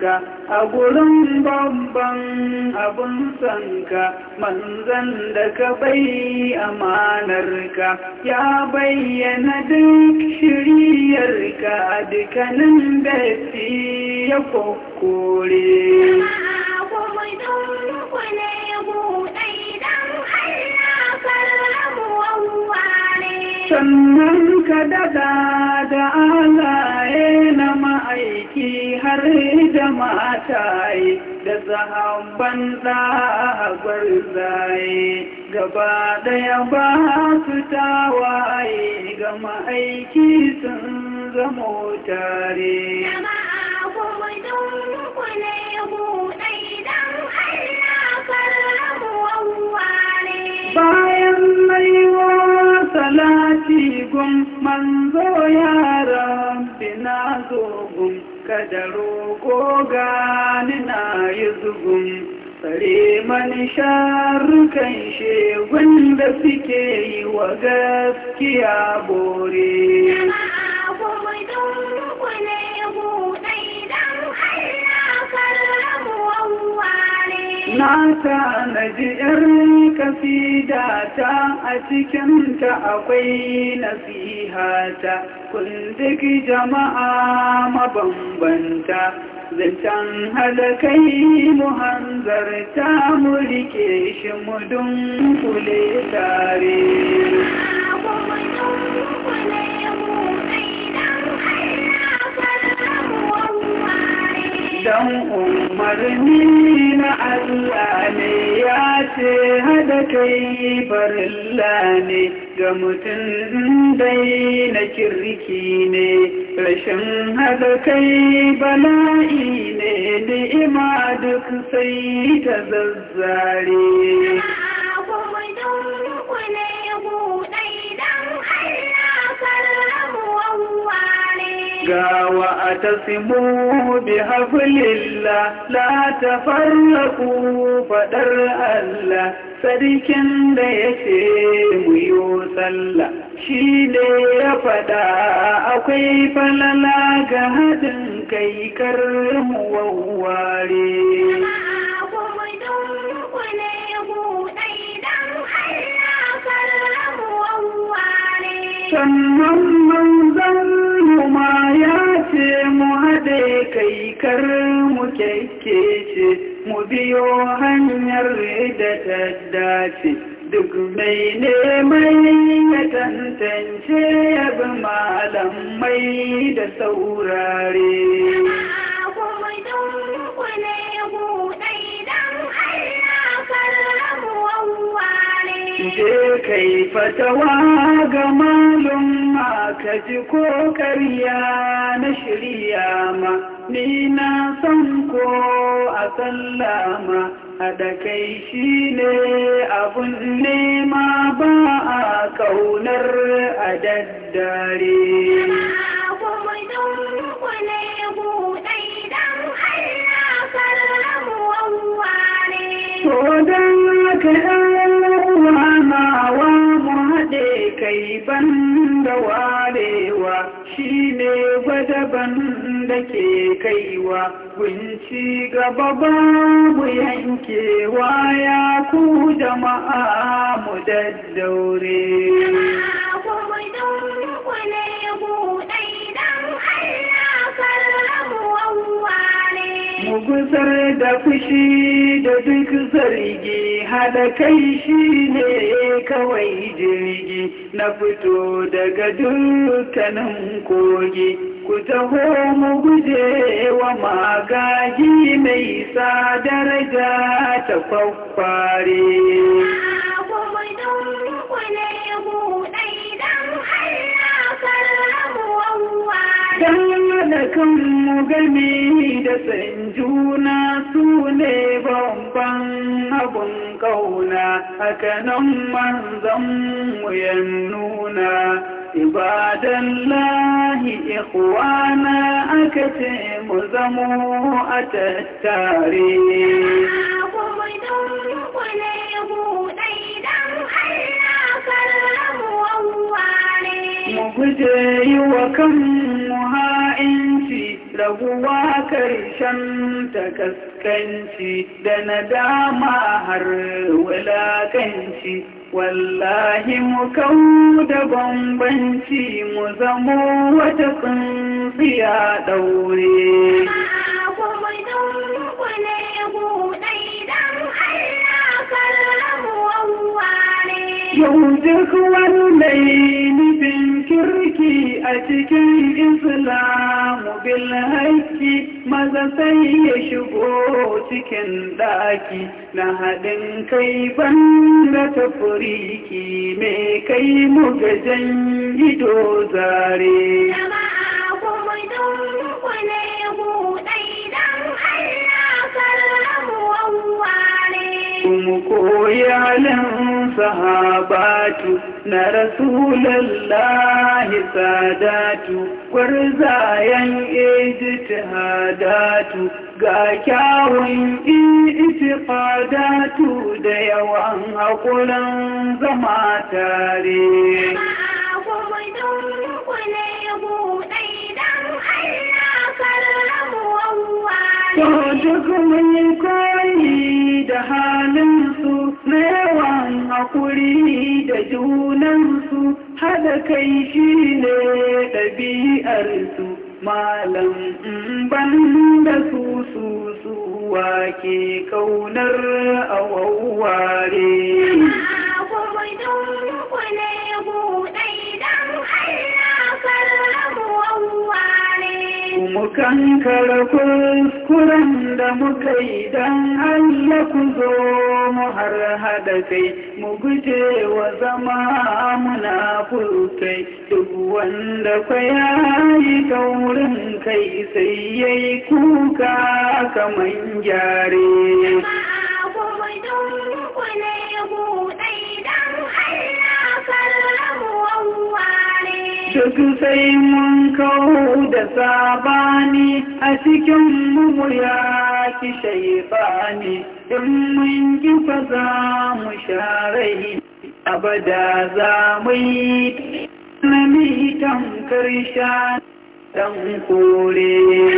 ka a gurin babban abin sanka manzan da ka bai ka ya bayyana duk shiriyarka a dukkanin da ya kokore sannan ka daga da alaye na ma'aiki har da mataye da zahaban ɗabar zaye gaba ɗaya ba su tawaye ga ma'aiki sun zamo tare ya rabbi na zogun kada roƙo gani na yi zugun tsare mani sharrukan shegun da suke yi wa gaskiya bore nata na ji irin kasidata a cikinta akwai nasihata kundin jama'a mabambanta zancen halakai mu ta mu rike shi mu dunkule tare. dan umarni na Allah ne ya ce hada kai farilla ne ga mutum dai na kirki ne rashin hada kai bala'i ne ni'ima duk sai ta zazzare الهدى وأتصموا بحفل الله لا تفرقوا فدر الله sarkin da ya ce mu yi sallah shi ne ya fada akwai falala ga hadin kai kar mu wawware sannan take ce mu biyo hanyar da ta dace duk mai neman ya tantance ya bi malamai da saurare Je kai fatawa gama ka ji ko karya na shirya ma ni na san ko a sallama haɗa kai shi ne abun nema ba a kaunar a daddare Kodan haka ‘yan ruwa ma wa mu haɗe kai ban da wa shi ne gwadaban da ke kaiwa gunci gaba babu yankewa ya ku jama'a mu daddaure. mugusar da fushi da duk zargi hada kai shi ne kawai jirgi na fito daga dukkanin kogi ku taho mu guje wa magagi mai sa daraja ta kwakware da kanmu gami da san juna su ne babban abun kauna hakanan manzanmu ya nuna ibadallahi ikhwana aka ce mu zamo a tattare mu guje yi wa kanmu raguwa ta kaskanci da nadama har wulakanci wallahi mu kau da bambanci mu zamo wata tsintsiya daure Yau duk wani mai nufin kirki a cikin islamu bil maza sai ya shigo cikin ɗaki na haɗin kai ban da tafuriki mai kai mu gajen ido zare kuma don sahabatu na rasulallah sadatu gwarzayen ijtihadatu ga kyawun ijtihadatu da yawan hakulan zama tare Ko duk mun koyi da halin su hakuri da junansu haɗa kai shi ne ɗabi'arsu malam ban da su su su wake kaunar awawware. kankara kuskuren da muka yi don Allah ku zo mu har haɗa kai mu guje wa zama muna furkai duk wanda kwa ya yi taurin kai sai ya yi kuka kaman gyare duk sai mun kawo تساباني أسك أم مياك شيطاني أم إنك فزام شاري أبدا زامي نمي تم كرشان تم كوري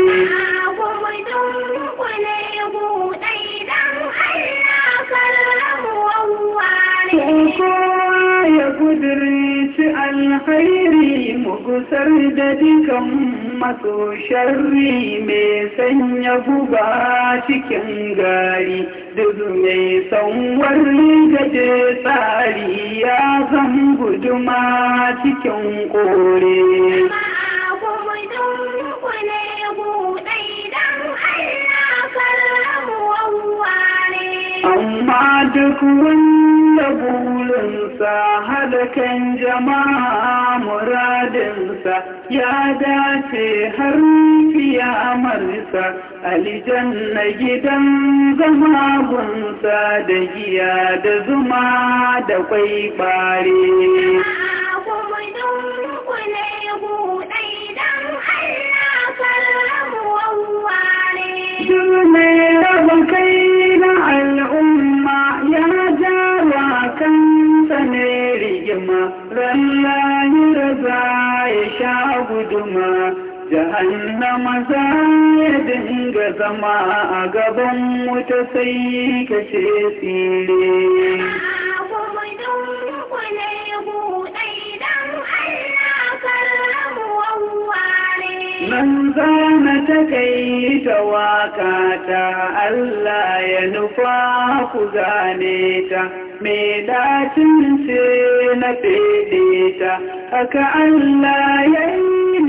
يا قدري سأل خيري مقصر ددي كم masu sharri mai sanya guba cikin gari duk mai sanwar gaje tsari ya zan guduma cikin kore amma duk wanda buɗe sa halakan jama'a muradinsa ya dace har amarsa alijanna gidan zama gunsa da giya da zuma da kwai jahannama maza ya dinga zama a gaban wuta sai ka ce tsire nan za na takaita waka ta Allah ya nufa ku gane ta mai dacin ce na fede ta haka Allah ya yi